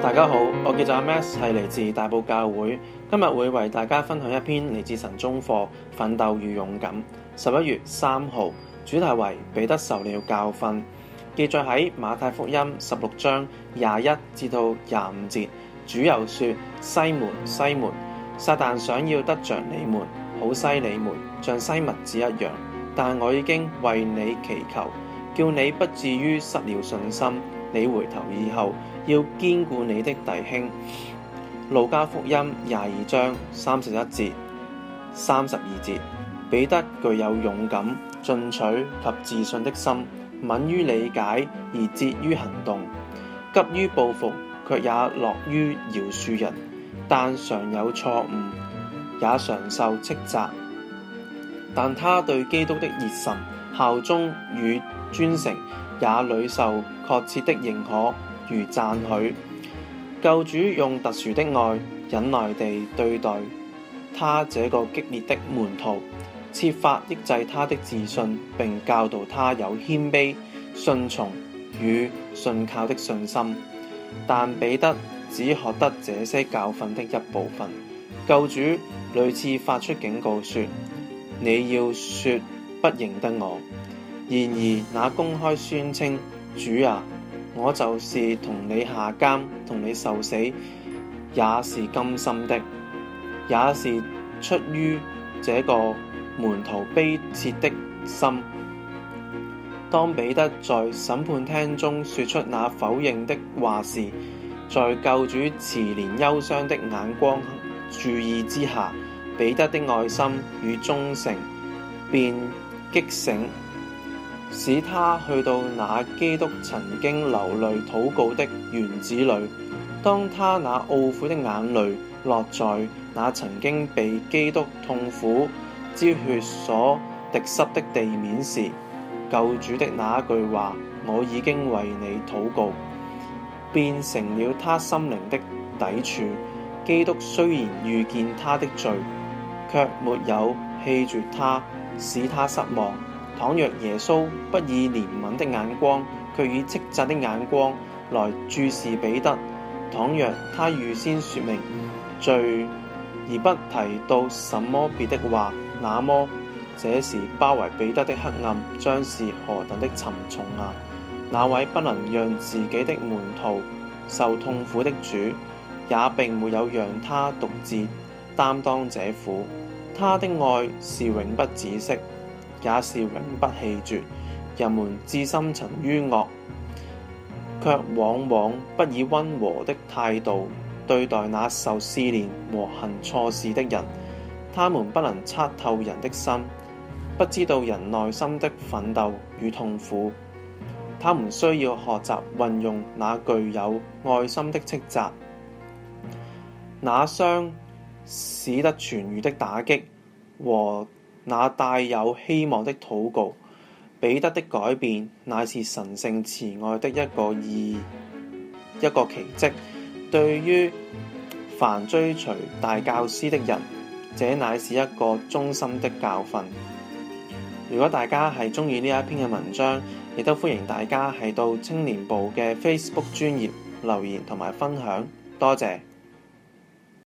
大家好，我叫做阿 Max，係嚟自大埔教會。今日會為大家分享一篇嚟自神中課《奮鬥與勇敢》。十一月三號，主題為彼得受了教訓，記載喺馬太福音十六章廿一至到廿五節。主又說：西門，西門，撒旦想要得着你們，好篩你們，像篩麥子一樣，但我已經為你祈求，叫你不至於失了信心。你回頭以後要堅固你的弟兄。路加福音廿二章三十一節、三十二節，彼得具有勇敢、進取及自信的心，敏於理解而節於行動，急於報復卻也樂於饒恕人，但常有錯誤，也常受斥責。但他對基督的熱忱、效忠與專誠。也屢受確切的認可與讚許。救主用特殊的愛忍耐地對待他這個激烈的門徒，設法抑制他的自信，並教導他有謙卑、順從與信靠的信心。但彼得只學得這些教訓的一部分。救主屢次發出警告說：你要說不認得我。然而，那公開宣稱主啊，我就是同你下監，同你受死，也是甘心的，也是出於這個門徒悲切的心。當彼得在審判廳中說出那否認的話時，在救主慈憐憂傷的眼光注意之下，彼得的愛心與忠誠便激醒。使他去到那基督曾經流淚禱告的園子裏，當他那懊悔的眼淚落在那曾經被基督痛苦之血所滴濕的地面時，救主的那句話“我已經為你禱告”，變成了他心靈的砥柱。基督雖然預見他的罪，卻沒有棄絕他，使他失望。倘若耶穌不以憐憫的眼光，卻以斥責的眼光來注視彼得；倘若他預先説明罪，而不提到什麼別的話，那麼這時包圍彼得的黑暗將是何等的沉重啊！那位不能讓自己的門徒受痛苦的主，也並沒有讓他獨自擔當這苦，他的愛是永不止息。也是永不棄絕。人們至深沉於惡，卻往往不以溫和的態度對待那受試煉和行錯事的人。他們不能測透人的心，不知道人內心的奮鬥與痛苦。他們需要學習運用那具有愛心的斥責，那傷使得痊愈的打擊和。那帶有希望的禱告，彼得的改變，乃是神聖慈愛的一個意義，一個奇迹。對於凡追隨大教師的人，這乃是一個忠心的教訓。如果大家係中意呢一篇嘅文章，亦都歡迎大家係到青年部嘅 Facebook 專頁留言同埋分享，多謝。